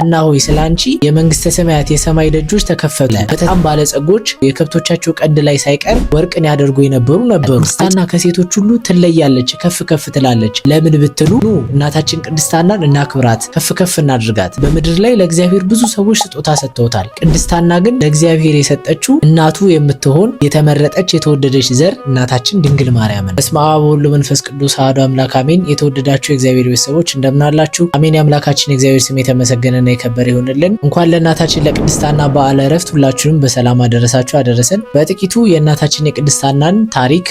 ሐና ሆይ ስለ አንቺ የመንግስተ ሰማያት የሰማይ ደጆች ተከፈቱ። በጣም ባለጸጎች የከብቶቻቸው ቀንድ ላይ ሳይቀር ወርቅን ያደርጉ የነበሩ ነበሩ። ሐና ከሴቶች ሁሉ ትለያለች፣ ከፍ ከፍ ትላለች። ለምን ብትሉ እናታችን ቅድስት ሐናን እናክብራት፣ ከፍ ከፍ እናድርጋት። በምድር ላይ ለእግዚአብሔር ብዙ ሰዎች ስጦታ ሰጥተውታል። ቅድስት ሐና ግን ለእግዚአብሔር የሰጠችው እናቱ የምትሆን የተመረጠች የተወደደች ዘር እናታችን ድንግል ማርያምን። በስመ አብ ወወልድ ወመንፈስ ቅዱስ አሐዱ አምላክ አሜን። የተወደዳችሁ የእግዚአብሔር ቤተሰቦች እንደምናላችሁ አሜን። የአምላካችን የእግዚአብሔር ስም የተመሰገነ የከበረ ይሆንልን። እንኳን ለእናታችን ለቅድስታና ሐና በዓለ ዕረፍት ሁላችሁንም በሰላም አደረሳችሁ አደረሰን። በጥቂቱ የእናታችን የቅድስታናን ታሪክ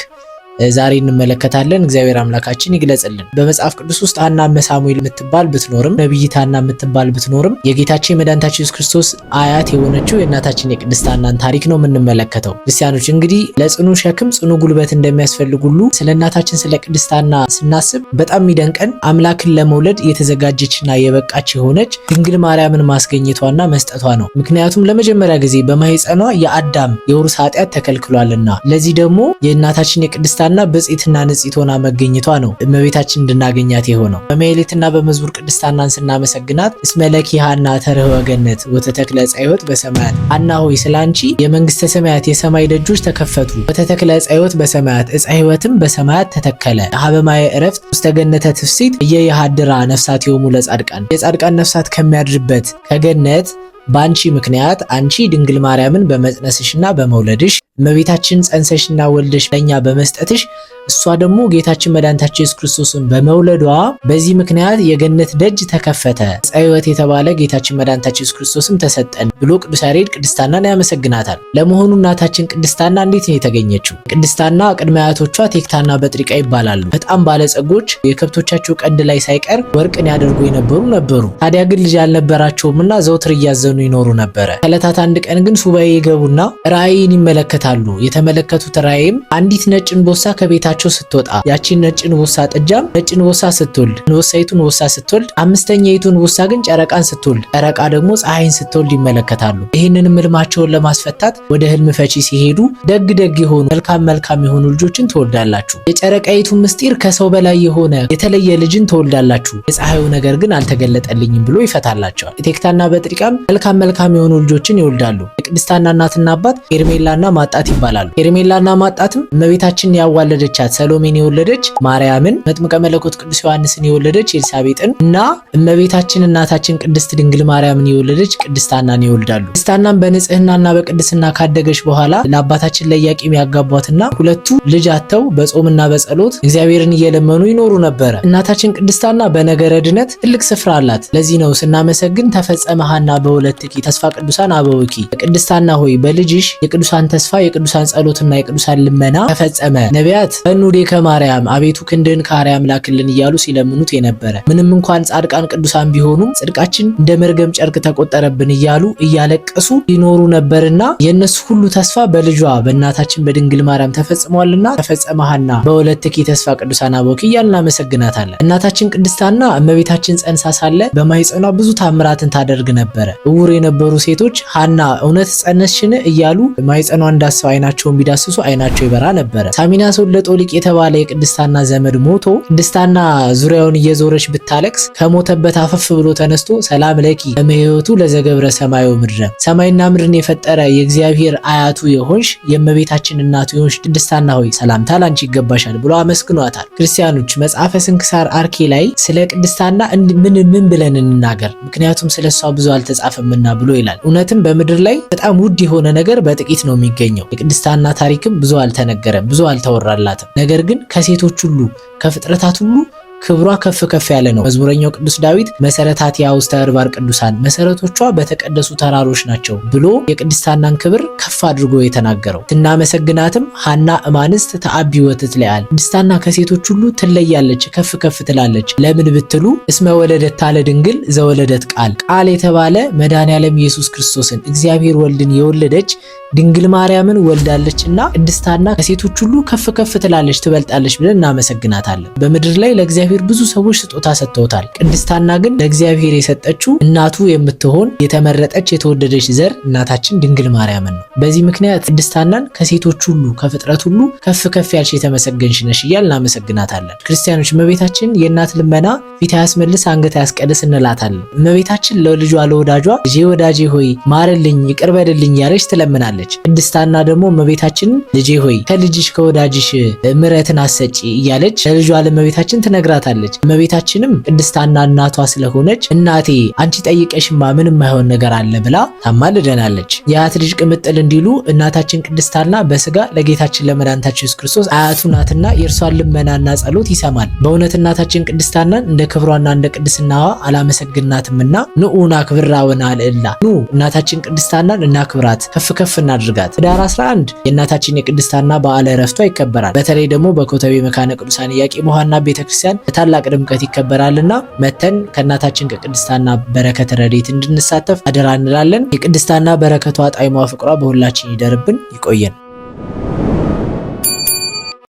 ዛሬ እንመለከታለን። እግዚአብሔር አምላካችን ይግለጽልን። በመጽሐፍ ቅዱስ ውስጥ ሐና መሳሙኤል የምትባል ብትኖርም ነቢይት ሐና የምትባል ብትኖርም የጌታችን የመድኃኒታችን ኢየሱስ ክርስቶስ አያት የሆነችው የእናታችን የቅድስት ሐናን ታሪክ ነው የምንመለከተው። ክርስቲያኖች እንግዲህ ለጽኑ ሸክም ጽኑ ጉልበት እንደሚያስፈልግ ሁሉ ስለ እናታችን ስለ ቅድስት ሐና ስናስብ በጣም የሚደንቀን አምላክን ለመውለድ የተዘጋጀችና የበቃች የሆነች ድንግል ማርያምን ማስገኘቷና መስጠቷ ነው። ምክንያቱም ለመጀመሪያ ጊዜ በማህፀኗ የአዳም የውርስ ኃጢአት ተከልክሏልና ለዚህ ደግሞ የእናታችን የቅድስት ተመልሳና በጽትና ንጽሕት ሆና መገኘቷ ነው እመቤታችን እንድናገኛት የሆነው። በመሌትና በመዝሙር ቅድስታናን ስናመሰግናት እስመለኪ ሀና ተርህወ ገነት ወተተክለ ጻዮት በሰማያት ሀና ሆይ ስላንቺ የመንግስተ ሰማያት የሰማይ ደጆች ተከፈቱ፣ ወተተክለ ጻዮት በሰማያት እፀ ሕይወትም በሰማያት ተተከለ። ሀበማየ እረፍት ውስተ ገነተ ትፍሲት እየየሃድራ ነፍሳት የሆሙ ለጻድቃን የጻድቃን ነፍሳት ከሚያድርበት ከገነት በአንቺ ምክንያት አንቺ ድንግል ማርያምን በመጽነስሽና በመውለድሽ እመቤታችን ጸንሰሽና ወልደሽ ለእኛ በመስጠትሽ እሷ ደግሞ ጌታችን መድኃኒታችን ኢየሱስ ክርስቶስን በመውለዷ በዚህ ምክንያት የገነት ደጅ ተከፈተ፣ ዕፀ የተባለ ጌታችን መድኃኒታችን ኢየሱስ ክርስቶስም ተሰጠን ብሎ ቅዱስ ያሬድ ቅድስታናን ያመሰግናታል። ለመሆኑ እናታችን ቅድስታና እንዴት ነው የተገኘችው? ቅድስታና ቅድመ አያቶቿ ቴክታና በጥሪቃ ይባላሉ። በጣም ባለጸጎች፣ የከብቶቻቸው ቀንድ ላይ ሳይቀር ወርቅን ያደርጉ የነበሩ ነበሩ። ታዲያ ግን ልጅ አልነበራቸውምና ዘውትር እያዘኑ ይኖሩ ነበረ። ከዕለታት አንድ ቀን ግን ሱባኤ ይገቡና ራእይን ይመለከታሉ። የተመለከቱት ራእይም አንዲት ነጭ እንቦሳ ከቤታቸው ከቤታቸው ስትወጣ ያቺን ነጭ ንቦሳ ጥጃም ነጭ ንቦሳ ስትወልድ፣ ንቦሳይቱ ንቦሳ ስትወልድ፣ አምስተኛይቱ ንቦሳ ግን ጨረቃን ስትወልድ፣ ጨረቃ ደግሞ ፀሐይን ስትወልድ ይመለከታሉ። ይህንንም ህልማቸውን ለማስፈታት ወደ ህልም ፈቺ ሲሄዱ ደግ ደግ የሆኑ መልካም መልካም የሆኑ ልጆችን ትወልዳላችሁ። የጨረቃይቱ ምስጢር ከሰው በላይ የሆነ የተለየ ልጅን ትወልዳላችሁ። የፀሐዩ ነገር ግን አልተገለጠልኝም ብሎ ይፈታላቸዋል። ቴክታና በጥሪቃም መልካም መልካም የሆኑ ልጆችን ይወልዳሉ። የቅድስታና እናትና አባት ሄርሜላና ማጣት ይባላሉ። ሄርሜላና ማጣትም እመቤታችንን ያዋለደቻት ሰሎሜን የወለደች ማርያምን፣ መጥምቀ መለኮት ቅዱስ ዮሐንስን የወለደች ኤልሳቤጥን እና እመቤታችን እናታችን ቅድስት ድንግል ማርያምን የወለደች ቅድስት ሐናን ይወልዳሉ። ቅድስት ሐናን በንጽህናና በቅድስና ካደገች በኋላ ለአባታችን ለኢያቄም ያጋቧትና ሁለቱ ልጅ አተው በጾምና በጸሎት እግዚአብሔርን እየለመኑ ይኖሩ ነበረ። እናታችን ቅድስት ሐና በነገረ ድነት ትልቅ ስፍራ አላት። ለዚህ ነው ስናመሰግን ተፈጸመ ሐና በሁለትኪ ተስፋ ቅዱሳን አበውኪ። ቅድስት ሐና ሆይ በልጅሽ የቅዱሳን ተስፋ የቅዱሳን ጸሎትና የቅዱሳን ልመና ተፈጸመ። ነቢያት አሐበኑ ከማርያም አቤቱ ክንድህን ከአርያም ላክልን እያሉ ሲለምኑት የነበረ ምንም እንኳን ጻድቃን ቅዱሳን ቢሆኑም ጽድቃችን እንደ መርገም ጨርቅ ተቆጠረብን እያሉ እያለቀሱ ይኖሩ ነበርና የእነሱ ሁሉ ተስፋ በልጇ በእናታችን በድንግል ማርያም ተፈጽሟልና ተፈጸመሃና ሐና በሁለትኪ ተስፋ ቅዱሳን አቦኪ እያልን እናመሰግናታለን። እናታችን ቅድስታና እመቤታችን ጸንሳ ሳለ በማይጸኗ ብዙ ታምራትን ታደርግ ነበረ። እውር የነበሩ ሴቶች ሃና እውነት ጸነስሽን እያሉ ማይጸኗ እንዳሰው አይናቸውን ቢዳስሱ አይናቸው ይበራ ነበረ። ሳሚናስ ወለጦ ካቶሊክ የተባለ የቅድስታና ዘመድ ሞቶ ቅድስታና ዙሪያውን እየዞረች ብታለቅስ ከሞተበት አፈፍ ብሎ ተነስቶ ሰላም ለኪ እምሕይወቱ ለዘገብረ ሰማዩ ምድረ ሰማይና ምድርን የፈጠረ የእግዚአብሔር አያቱ የሆንሽ የእመቤታችን እናቱ የሆንሽ ቅድስታና ሆይ ሰላምታ ላንቺ ይገባሻል ብሎ አመስግኗታል። ክርስቲያኖች መጽሐፈ ስንክሳር አርኬ ላይ ስለ ቅድስታና ምን ምን ብለን እንናገር ምክንያቱም ስለ እሷ ብዙ አልተጻፈምና ብሎ ይላል። እውነትም በምድር ላይ በጣም ውድ የሆነ ነገር በጥቂት ነው የሚገኘው። የቅድስታና ታሪክም ብዙ አልተነገረም፣ ብዙ አልተወራላትም። ነገር ግን ከሴቶች ሁሉ ከፍጥረታት ሁሉ ክብሯ ከፍ ከፍ ያለ ነው። መዝሙረኛው ቅዱስ ዳዊት መሰረታት ውስተ አድባር ቅዱሳን መሰረቶቿ በተቀደሱ ተራሮች ናቸው ብሎ የቅድስታናን ክብር ከፍ አድርጎ የተናገረው ስናመሰግናትም ሐና እማንስት ተአቢ ወትትለዓል ለያል ቅድስታና ከሴቶች ሁሉ ትለያለች፣ ከፍ ከፍ ትላለች። ለምን ብትሉ እስመ ወለደት ታለ ድንግል ዘወለደት ቃል ቃል የተባለ መድኃኔዓለም ኢየሱስ ክርስቶስን እግዚአብሔር ወልድን የወለደች ድንግል ማርያምን ወልዳለችና እና ቅድስታና ከሴቶች ሁሉ ከፍ ከፍ ትላለች፣ ትበልጣለች ብለን እናመሰግናታለን። በምድር ላይ ለእግዚአብሔር እግዚአብሔር ብዙ ሰዎች ስጦታ ሰጥተውታል። ቅድስት ሐና ግን ለእግዚአብሔር የሰጠችው እናቱ የምትሆን የተመረጠች የተወደደች ዘር እናታችን ድንግል ማርያምን ነው። በዚህ ምክንያት ቅድስት ሐናን ከሴቶች ሁሉ ከፍጥረት ሁሉ ከፍ ከፍ ያልሽ የተመሰገንሽ ነሽ እያል እናመሰግናታለን። ክርስቲያኖች እመቤታችን የእናት ልመና ፊት ያስመልስ አንገት ያስቀልስ እንላታለን። እመቤታችን ለልጇ ለወዳጇ ልጄ ወዳጄ ሆይ ማርልኝ ይቅር በልልኝ ያለች ትለምናለች። ቅድስት ሐና ደግሞ እመቤታችን ልጄ ሆይ ከልጅሽ ከወዳጅሽ ምረትን አሰጪ እያለች ለልጇ ለእመቤታችን ትነግራታለች። ትላታለች። እመቤታችንም ቅድስታና እናቷ ስለሆነች እናቴ አንቺ ጠይቀሽማ ምንም የማይሆን ነገር አለ ብላ ታማልደናለች። የአያት ልጅ ቅምጥል እንዲሉ እናታችን ቅድስታና በስጋ ለጌታችን ለመድኃኒታችን ኢየሱስ ክርስቶስ አያቱ ናትና የእርሷን ልመናና ጸሎት ይሰማል። በእውነት እናታችን ቅድስታናን እንደ ክብሯና እንደ ቅድስናዋ አላመሰግናትምና ንዑና ክብራ ወና ልዕላ ኑ እናታችን ቅድስታናን እናክብራት፣ ከፍ ከፍ እናድርጋት። ህዳር 11 የእናታችን የቅድስታና በዓለ ረፍቷ ይከበራል። በተለይ ደግሞ በኮተቤ መካነ ቅዱሳን ኢያቄም ወሐና ቤተክርስቲያን በታላቅ ድምቀት ይከበራልና መተን ከእናታችን ከቅድስታና በረከት ረዴት እንድንሳተፍ አደራ እንላለን። የቅድስታና በረከቷ ጣዕሟ ፍቅሯ በሁላችን ይደርብን። ይቆየን።